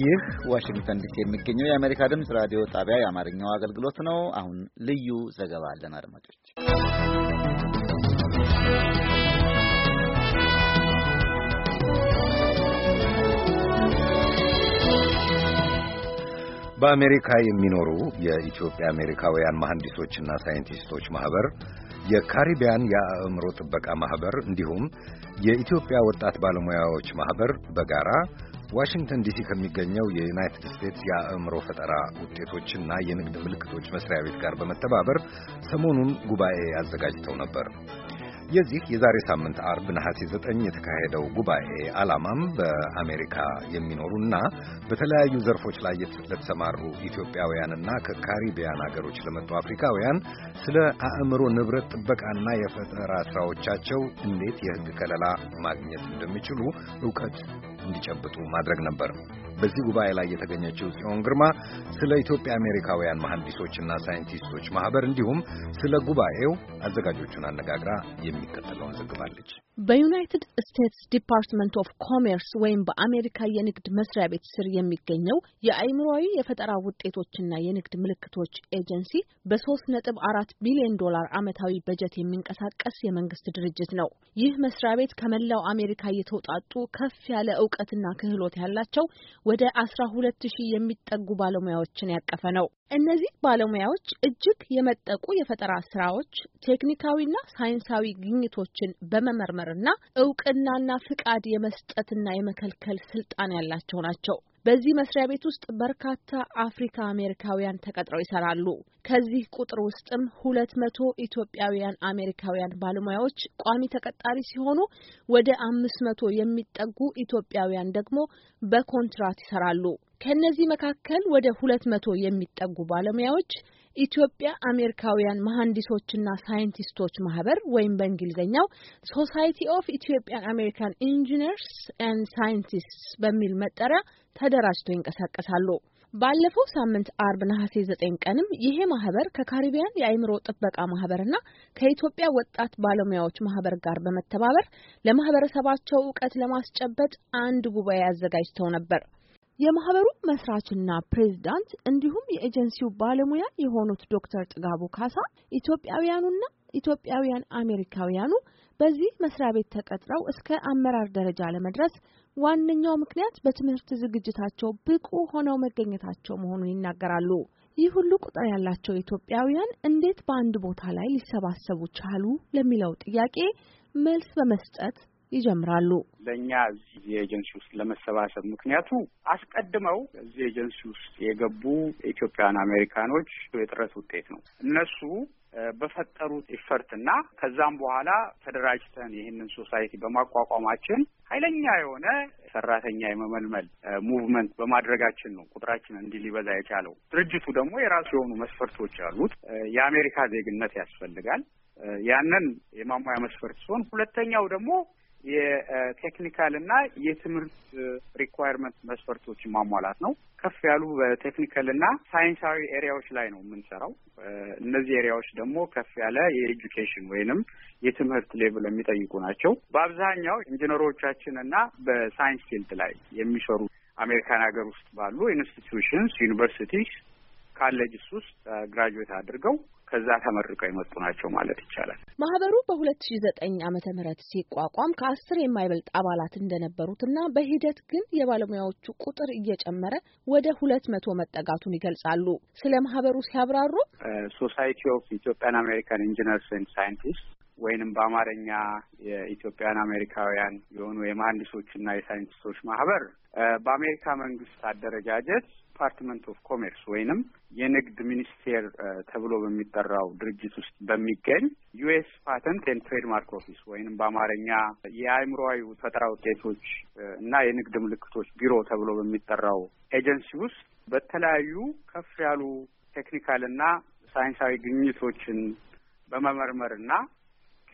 ይህ ዋሽንግተን ዲሲ የሚገኘው የአሜሪካ ድምፅ ራዲዮ ጣቢያ የአማርኛው አገልግሎት ነው። አሁን ልዩ ዘገባ አለን አድማጮች። በአሜሪካ የሚኖሩ የኢትዮጵያ አሜሪካውያን መሐንዲሶችና ሳይንቲስቶች ማህበር፣ የካሪቢያን የአእምሮ ጥበቃ ማህበር እንዲሁም የኢትዮጵያ ወጣት ባለሙያዎች ማህበር በጋራ ዋሽንግተን ዲሲ ከሚገኘው የዩናይትድ ስቴትስ የአእምሮ ፈጠራ ውጤቶችና የንግድ ምልክቶች መስሪያ ቤት ጋር በመተባበር ሰሞኑን ጉባኤ አዘጋጅተው ነበር። የዚህ የዛሬ ሳምንት አርብ ነሐሴ 9 የተካሄደው ጉባኤ ዓላማም በአሜሪካ የሚኖሩና በተለያዩ ዘርፎች ላይ ለተሰማሩ ኢትዮጵያውያንና ከካሪቢያን አገሮች ለመጡ አፍሪካውያን ስለ አእምሮ ንብረት ጥበቃና የፈጠራ ስራዎቻቸው እንዴት የሕግ ከለላ ማግኘት እንደሚችሉ እውቀት እንዲጨብጡ ማድረግ ነበር። በዚህ ጉባኤ ላይ የተገኘችው ጽዮን ግርማ ስለ ኢትዮጵያ አሜሪካውያን መሐንዲሶችና ሳይንቲስቶች ማህበር እንዲሁም ስለ ጉባኤው አዘጋጆቹን አነጋግራ የሚከተለውን ዘግባለች። በዩናይትድ ስቴትስ ዲፓርትመንት ኦፍ ኮሜርስ ወይም በአሜሪካ የንግድ መስሪያ ቤት ስር የሚገኘው የአእምሯዊ የፈጠራ ውጤቶችና የንግድ ምልክቶች ኤጀንሲ በሶስት ነጥብ አራት ቢሊዮን ዶላር ዓመታዊ በጀት የሚንቀሳቀስ የመንግስት ድርጅት ነው። ይህ መስሪያ ቤት ከመላው አሜሪካ የተውጣጡ ከፍ ያለ እውቀትና ክህሎት ያላቸው ወደ አስራ ሁለት ሺህ የሚጠጉ ባለሙያዎችን ያቀፈ ነው። እነዚህ ባለሙያዎች እጅግ የመጠቁ የፈጠራ ስራዎች፣ ቴክኒካዊና ሳይንሳዊ ግኝቶችን በመመርመርና እውቅናና ፍቃድ የመስጠትና የመከልከል ስልጣን ያላቸው ናቸው። በዚህ መስሪያ ቤት ውስጥ በርካታ አፍሪካ አሜሪካውያን ተቀጥረው ይሰራሉ። ከዚህ ቁጥር ውስጥም ሁለት መቶ ኢትዮጵያውያን አሜሪካውያን ባለሙያዎች ቋሚ ተቀጣሪ ሲሆኑ ወደ አምስት መቶ የሚጠጉ ኢትዮጵያውያን ደግሞ በኮንትራት ይሰራሉ። ከእነዚህ መካከል ወደ ሁለት መቶ የሚጠጉ ባለሙያዎች ኢትዮጵያ አሜሪካውያን መሀንዲሶችና ሳይንቲስቶች ማህበር ወይም በእንግሊዝኛው ሶሳይቲ ኦፍ ኢትዮጵያን አሜሪካን ኢንጂነርስ ኤንድ ሳይንቲስትስ በሚል መጠሪያ ተደራጅቶ ይንቀሳቀሳሉ። ባለፈው ሳምንት አርብ ነሐሴ ዘጠኝ ቀንም ይሄ ማህበር ከካሪቢያን የአእምሮ ጥበቃ ማህበርና ከኢትዮጵያ ወጣት ባለሙያዎች ማህበር ጋር በመተባበር ለማህበረሰባቸው እውቀት ለማስጨበጥ አንድ ጉባኤ አዘጋጅተው ነበር። የማህበሩ መስራችና ፕሬዝዳንት እንዲሁም የኤጀንሲው ባለሙያ የሆኑት ዶክተር ጥጋቡ ካሳ ኢትዮጵያውያኑና ኢትዮጵያውያን አሜሪካውያኑ በዚህ መስሪያ ቤት ተቀጥረው እስከ አመራር ደረጃ ለመድረስ ዋነኛው ምክንያት በትምህርት ዝግጅታቸው ብቁ ሆነው መገኘታቸው መሆኑን ይናገራሉ። ይህ ሁሉ ቁጥር ያላቸው ኢትዮጵያውያን እንዴት በአንድ ቦታ ላይ ሊሰባሰቡ ቻሉ ለሚለው ጥያቄ መልስ በመስጠት ይጀምራሉ። ለእኛ እዚህ ኤጀንሲ ውስጥ ለመሰባሰብ ምክንያቱ አስቀድመው እዚህ ኤጀንሲ ውስጥ የገቡ ኢትዮጵያን አሜሪካኖች የጥረት ውጤት ነው። እነሱ በፈጠሩት ኢፈርትና ከዛም በኋላ ተደራጅተን ይህንን ሶሳይቲ በማቋቋማችን ኃይለኛ የሆነ ሰራተኛ የመመልመል ሙቭመንት በማድረጋችን ነው ቁጥራችን እንዲህ ሊበዛ የቻለው። ድርጅቱ ደግሞ የራሱ የሆኑ መስፈርቶች አሉት። የአሜሪካ ዜግነት ያስፈልጋል። ያንን የማሟያ መስፈርት ሲሆን ሁለተኛው ደግሞ የቴክኒካል እና የትምህርት ሪኳየርመንት መስፈርቶችን ማሟላት ነው። ከፍ ያሉ በቴክኒካል እና ሳይንሳዊ ኤሪያዎች ላይ ነው የምንሰራው። እነዚህ ኤሪያዎች ደግሞ ከፍ ያለ የኤጁኬሽን ወይንም የትምህርት ሌቭል የሚጠይቁ ናቸው። በአብዛኛው ኢንጂነሮቻችን እና በሳይንስ ፊልድ ላይ የሚሰሩ አሜሪካን ሀገር ውስጥ ባሉ ኢንስቲትዩሽንስ ዩኒቨርሲቲስ ካለጅስ ውስጥ ግራጁዌት አድርገው ከዛ ተመርቀው የመጡ ናቸው ማለት ይቻላል። ማህበሩ በሁለት ሺ ዘጠኝ ዓመተ ምህረት ሲቋቋም ከአስር የማይበልጥ አባላት እንደነበሩትና በሂደት ግን የባለሙያዎቹ ቁጥር እየጨመረ ወደ ሁለት መቶ መጠጋቱን ይገልጻሉ። ስለ ማህበሩ ሲያብራሩ ሶሳይቲ ኦፍ ኢትዮጵያን አሜሪካን ኢንጂነርስ ኤንድ ሳይንቲስት ወይንም በአማርኛ የኢትዮጵያን አሜሪካውያን የሆኑ የመሀንዲሶችና የሳይንቲስቶች ማህበር በአሜሪካ መንግስት አደረጃጀት ዲፓርትመንት ኦፍ ኮሜርስ ወይንም የንግድ ሚኒስቴር ተብሎ በሚጠራው ድርጅት ውስጥ በሚገኝ ዩኤስ ፓተንት ኤንድ ትሬድማርክ ኦፊስ ወይንም በአማርኛ የአእምሮዊ ፈጠራ ውጤቶች እና የንግድ ምልክቶች ቢሮ ተብሎ በሚጠራው ኤጀንሲ ውስጥ በተለያዩ ከፍ ያሉ ቴክኒካል እና ሳይንሳዊ ግኝቶችን በመመርመርና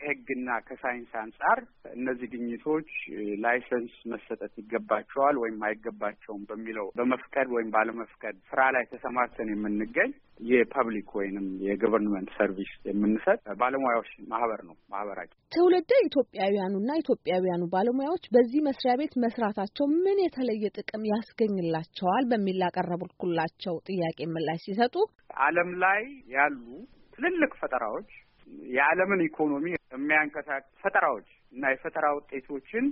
ከህግና ከሳይንስ አንጻር እነዚህ ግኝቶች ላይሰንስ መሰጠት ይገባቸዋል ወይም አይገባቸውም በሚለው በመፍቀድ ወይም ባለመፍቀድ ስራ ላይ ተሰማርተን የምንገኝ የፐብሊክ ወይንም የገቨርንመንት ሰርቪስ የምንሰጥ ባለሙያዎች ማህበር ነው። ማህበራችን ትውልደ ኢትዮጵያውያኑና ኢትዮጵያውያኑ ባለሙያዎች በዚህ መስሪያ ቤት መስራታቸው ምን የተለየ ጥቅም ያስገኝላቸዋል በሚል ላቀረብኩላቸው ጥያቄ ምላሽ ሲሰጡ ዓለም ላይ ያሉ ትልልቅ ፈጠራዎች የዓለምን ኢኮኖሚ የሚያንቀሳቅ ፈጠራዎች እና የፈጠራ ውጤቶችን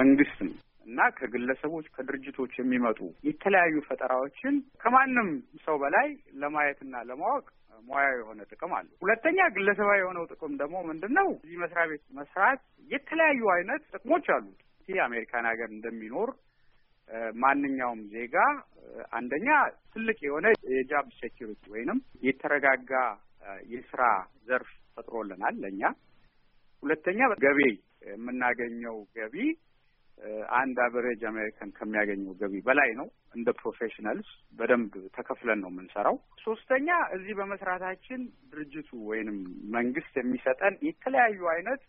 መንግስትም እና ከግለሰቦች ከድርጅቶች የሚመጡ የተለያዩ ፈጠራዎችን ከማንም ሰው በላይ ለማየትና ለማወቅ ሙያዊ የሆነ ጥቅም አለ። ሁለተኛ ግለሰባዊ የሆነው ጥቅም ደግሞ ምንድን ነው? እዚህ መስሪያ ቤት መስራት የተለያዩ አይነት ጥቅሞች አሉት። ይህ አሜሪካን ሀገር እንደሚኖር ማንኛውም ዜጋ አንደኛ ትልቅ የሆነ የጃብ ሴኪሪቲ ወይንም የተረጋጋ የስራ ዘርፍ ፈጥሮልናል ለእኛ። ሁለተኛ ገቢ የምናገኘው ገቢ አንድ አቨሬጅ አሜሪካን ከሚያገኘው ገቢ በላይ ነው። እንደ ፕሮፌሽናልስ በደንብ ተከፍለን ነው የምንሰራው። ሶስተኛ እዚህ በመስራታችን ድርጅቱ ወይንም መንግስት የሚሰጠን የተለያዩ አይነት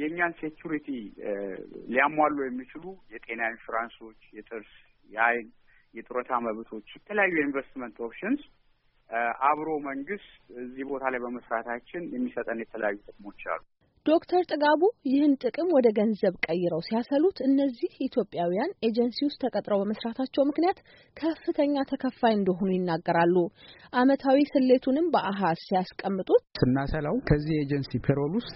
የእኛን ሴኩሪቲ ሊያሟሉ የሚችሉ የጤና ኢንሹራንሶች፣ የጥርስ፣ የአይን፣ የጡረታ መብቶች፣ የተለያዩ የኢንቨስትመንት ኦፕሽንስ አብሮ መንግስት እዚህ ቦታ ላይ በመስራታችን የሚሰጠን የተለያዩ ጥቅሞች አሉ። ዶክተር ጥጋቡ ይህን ጥቅም ወደ ገንዘብ ቀይረው ሲያሰሉት እነዚህ ኢትዮጵያውያን ኤጀንሲ ውስጥ ተቀጥረው በመስራታቸው ምክንያት ከፍተኛ ተከፋይ እንደሆኑ ይናገራሉ። አመታዊ ስሌቱንም በአሃዝ ሲያስቀምጡት ስናሰላው ከዚህ ኤጀንሲ ፔሮል ውስጥ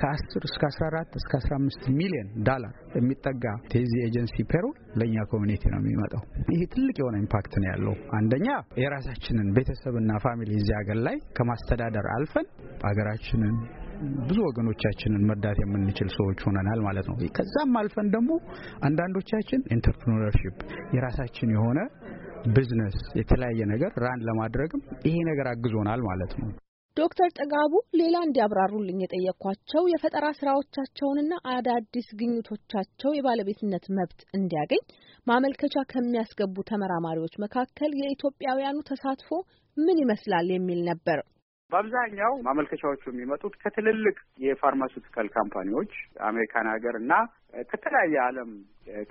ከ10 እስከ 14 እስከ 15 ሚሊዮን ዳላር የሚጠጋ የዚህ ኤጀንሲ ፔሮል ለእኛ ኮሚኒቲ ነው የሚመጣው። ይህ ትልቅ የሆነ ኢምፓክት ነው ያለው። አንደኛ የራሳችንን ቤተሰብና ፋሚሊ እዚህ ሀገር ላይ ከማስተዳደር አልፈን ሀገራችንን ብዙ ወገኖቻችንን መርዳት የምንችል ሰዎች ሆነናል ማለት ነው። ከዛም አልፈን ደግሞ አንዳንዶቻችን ኢንተርፕሪነርሺፕ የራሳችን የሆነ ቢዝነስ የተለያየ ነገር ራን ለማድረግም ይሄ ነገር አግዞናል ማለት ነው። ዶክተር ጥጋቡ ሌላ እንዲያብራሩልኝ የጠየኳቸው የፈጠራ ስራዎቻቸውንና አዳዲስ ግኝቶቻቸው የባለቤትነት መብት እንዲያገኝ ማመልከቻ ከሚያስገቡ ተመራማሪዎች መካከል የኢትዮጵያውያኑ ተሳትፎ ምን ይመስላል የሚል ነበር። በአብዛኛው ማመልከቻዎቹ የሚመጡት ከትልልቅ የፋርማሲውቲካል ካምፓኒዎች አሜሪካን ሀገር እና ከተለያየ ዓለም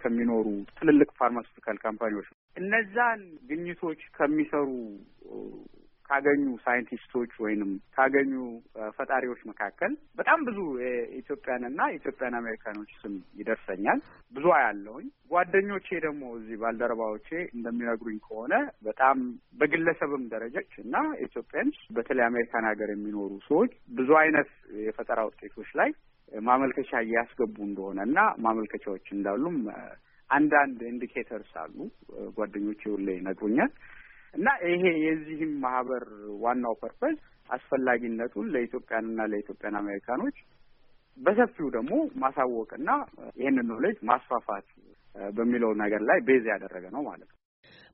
ከሚኖሩ ትልልቅ ፋርማሲውቲካል ካምፓኒዎች እነዛን ግኝቶች ከሚሰሩ ካገኙ ሳይንቲስቶች ወይንም ካገኙ ፈጣሪዎች መካከል በጣም ብዙ የኢትዮጵያንና ኢትዮጵያን አሜሪካኖች ስም ይደርሰኛል። ብዙ አያለውኝ። ጓደኞቼ ደግሞ እዚህ ባልደረባዎቼ እንደሚነግሩኝ ከሆነ በጣም በግለሰብም ደረጃች እና ኢትዮጵያንስ በተለይ አሜሪካን ሀገር የሚኖሩ ሰዎች ብዙ አይነት የፈጠራ ውጤቶች ላይ ማመልከቻ እያስገቡ እንደሆነ እና ማመልከቻዎች እንዳሉም አንዳንድ ኢንዲኬተርስ አሉ ጓደኞቼ ሁሌ ይነግሩኛል። እና ይሄ የዚህም ማህበር ዋናው ፐርፐዝ አስፈላጊነቱን ለኢትዮጵያንና ለኢትዮጵያን አሜሪካኖች በሰፊው ደግሞ ማሳወቅና ይህንን ኖሌጅ ማስፋፋት በሚለው ነገር ላይ ቤዝ ያደረገ ነው ማለት ነው።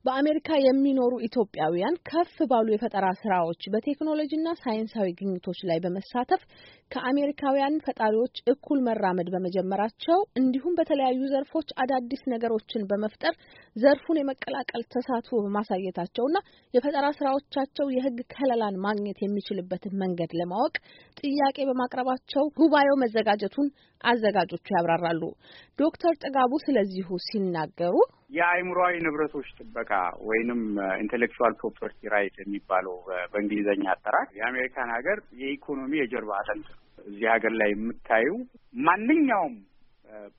በአሜሪካ የሚኖሩ ኢትዮጵያውያን ከፍ ባሉ የፈጠራ ስራዎች በቴክኖሎጂና ሳይንሳዊ ግኝቶች ላይ በመሳተፍ ከአሜሪካውያን ፈጣሪዎች እኩል መራመድ በመጀመራቸው እንዲሁም በተለያዩ ዘርፎች አዳዲስ ነገሮችን በመፍጠር ዘርፉን የመቀላቀል ተሳትፎ በማሳየታቸውና የፈጠራ ስራዎቻቸው የሕግ ከለላን ማግኘት የሚችልበትን መንገድ ለማወቅ ጥያቄ በማቅረባቸው ጉባኤው መዘጋጀቱን አዘጋጆቹ ያብራራሉ። ዶክተር ጥጋቡ ስለዚሁ ሲናገሩ የአእምሯዊ ንብረቶች ጥበቃ ወይንም ኢንቴሌክቹዋል ፕሮፐርቲ ራይት የሚባለው uh, በእንግሊዝኛ አጠራር የአሜሪካን ሀገር የኢኮኖሚ የጀርባ አጥንት ነው። እዚህ ሀገር ላይ የምታዩ ማንኛውም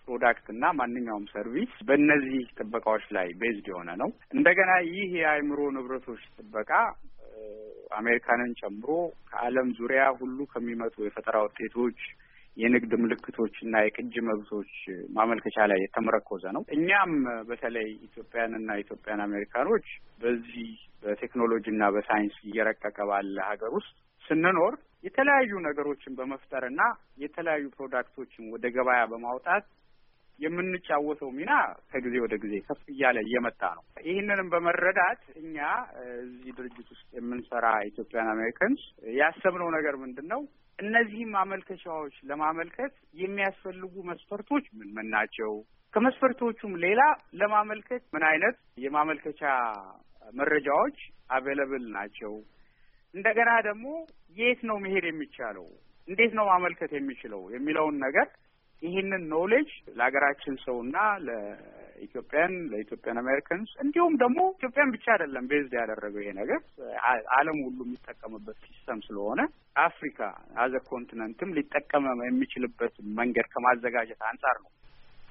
ፕሮዳክት uh, እና ማንኛውም ሰርቪስ በእነዚህ ጥበቃዎች ላይ ቤዝድ የሆነ ነው። እንደገና ይህ የአእምሮ ንብረቶች ጥበቃ uh, አሜሪካንን ጨምሮ ከዓለም ዙሪያ ሁሉ ከሚመጡ የፈጠራ ውጤቶች የንግድ ምልክቶች እና የቅጂ መብቶች ማመልከቻ ላይ የተመረኮዘ ነው። እኛም በተለይ ኢትዮጵያንና ኢትዮጵያን አሜሪካኖች በዚህ በቴክኖሎጂ እና በሳይንስ እየረቀቀ ባለ ሀገር ውስጥ ስንኖር የተለያዩ ነገሮችን በመፍጠር እና የተለያዩ ፕሮዳክቶችን ወደ ገበያ በማውጣት የምንጫወተው ሚና ከጊዜ ወደ ጊዜ ከፍ እያለ እየመጣ ነው። ይህንንም በመረዳት እኛ እዚህ ድርጅት ውስጥ የምንሰራ ኢትዮጵያን አሜሪካንስ ያሰብነው ነገር ምንድን ነው? እነዚህም ማመልከቻዎች ለማመልከት የሚያስፈልጉ መስፈርቶች ምን ምን ናቸው? ከመስፈርቶቹም ሌላ ለማመልከት ምን አይነት የማመልከቻ መረጃዎች አቬለብል ናቸው? እንደገና ደግሞ የት ነው መሄድ የሚቻለው? እንዴት ነው ማመልከት የሚችለው የሚለውን ነገር ይህንን ኖሌጅ ለሀገራችን ሰውና ኢትዮጵያን ለኢትዮጵያን አሜሪካንስ እንዲሁም ደግሞ ኢትዮጵያን ብቻ አይደለም ቤዝድ ያደረገው ይሄ ነገር ዓለም ሁሉ የሚጠቀምበት ሲስተም ስለሆነ አፍሪካ አዘ ኮንቲነንትም ሊጠቀም የሚችልበት መንገድ ከማዘጋጀት አንጻር ነው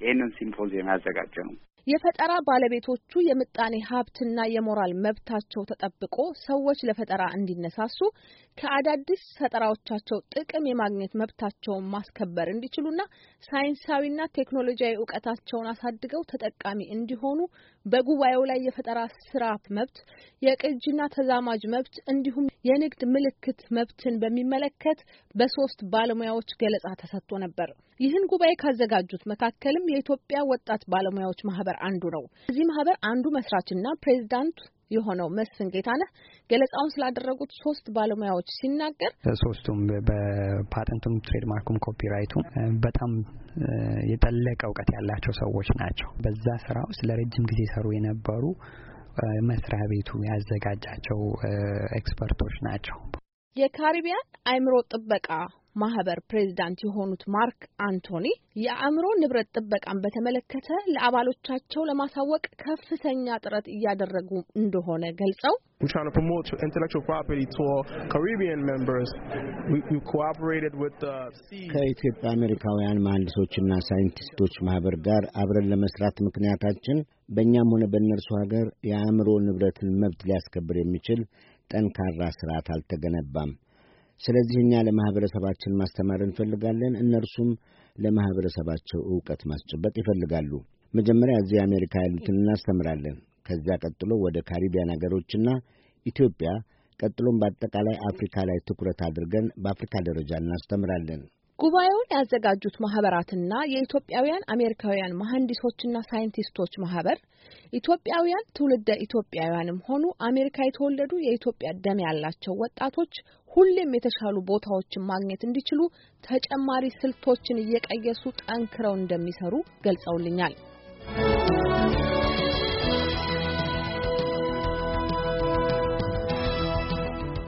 ይህንን ሲምፖዚየም ያዘጋጀ ነው። የፈጠራ ባለቤቶቹ የምጣኔ ሀብትና የሞራል መብታቸው ተጠብቆ ሰዎች ለፈጠራ እንዲነሳሱ ከአዳዲስ ፈጠራዎቻቸው ጥቅም የማግኘት መብታቸውን ማስከበር እንዲችሉና ሳይንሳዊና ቴክኖሎጂያዊ እውቀታቸውን አሳድገው ተጠቃሚ እንዲሆኑ በጉባኤው ላይ የፈጠራ ስራ መብት፣ የቅጂና ተዛማጅ መብት እንዲሁም የንግድ ምልክት መብትን በሚመለከት በሶስት ባለሙያዎች ገለጻ ተሰጥቶ ነበር። ይህን ጉባኤ ካዘጋጁት መካከልም የኢትዮጵያ ወጣት ባለሙያዎች ማህበር አንዱ ነው። እዚህ ማህበር አንዱ መስራችና ፕሬዚዳንት የሆነው መስፍን ጌታነህ ገለጻውን ስላደረጉት ሶስት ባለሙያዎች ሲናገር ሶስቱም በፓተንቱም ትሬድማርኩም ኮፒራይቱም በጣም የጠለቀ እውቀት ያላቸው ሰዎች ናቸው። በዛ ስራ ውስጥ ለረጅም ጊዜ ሰሩ የነበሩ መስሪያ ቤቱ ያዘጋጃቸው ኤክስፐርቶች ናቸው። የካሪቢያን አእምሮ ጥበቃ ማህበር ፕሬዚዳንት የሆኑት ማርክ አንቶኒ የአእምሮ ንብረት ጥበቃን በተመለከተ ለአባሎቻቸው ለማሳወቅ ከፍተኛ ጥረት እያደረጉ እንደሆነ ገልጸው ከኢትዮጵያ አሜሪካውያን መሐንዲሶችና ሳይንቲስቶች ማህበር ጋር አብረን ለመስራት ምክንያታችን በእኛም ሆነ በእነርሱ ሀገር የአእምሮ ንብረትን መብት ሊያስከብር የሚችል ጠንካራ ስርዓት አልተገነባም። ስለዚህ እኛ ለማኅበረሰባችን ማስተማር እንፈልጋለን፣ እነርሱም ለማኅበረሰባቸው ዕውቀት ማስጨበጥ ይፈልጋሉ። መጀመሪያ እዚህ አሜሪካ ያሉትን እናስተምራለን። ከዚያ ቀጥሎ ወደ ካሪቢያን አገሮችና ኢትዮጵያ፣ ቀጥሎም በአጠቃላይ አፍሪካ ላይ ትኩረት አድርገን በአፍሪካ ደረጃ እናስተምራለን። ጉባኤውን ያዘጋጁት ማህበራትና የኢትዮጵያውያን አሜሪካውያን መሐንዲሶችና ሳይንቲስቶች ማህበር ኢትዮጵያውያን ትውልደ ኢትዮጵያውያንም ሆኑ አሜሪካ የተወለዱ የኢትዮጵያ ደም ያላቸው ወጣቶች ሁሌም የተሻሉ ቦታዎችን ማግኘት እንዲችሉ ተጨማሪ ስልቶችን እየቀየሱ ጠንክረው እንደሚሰሩ ገልጸውልኛል።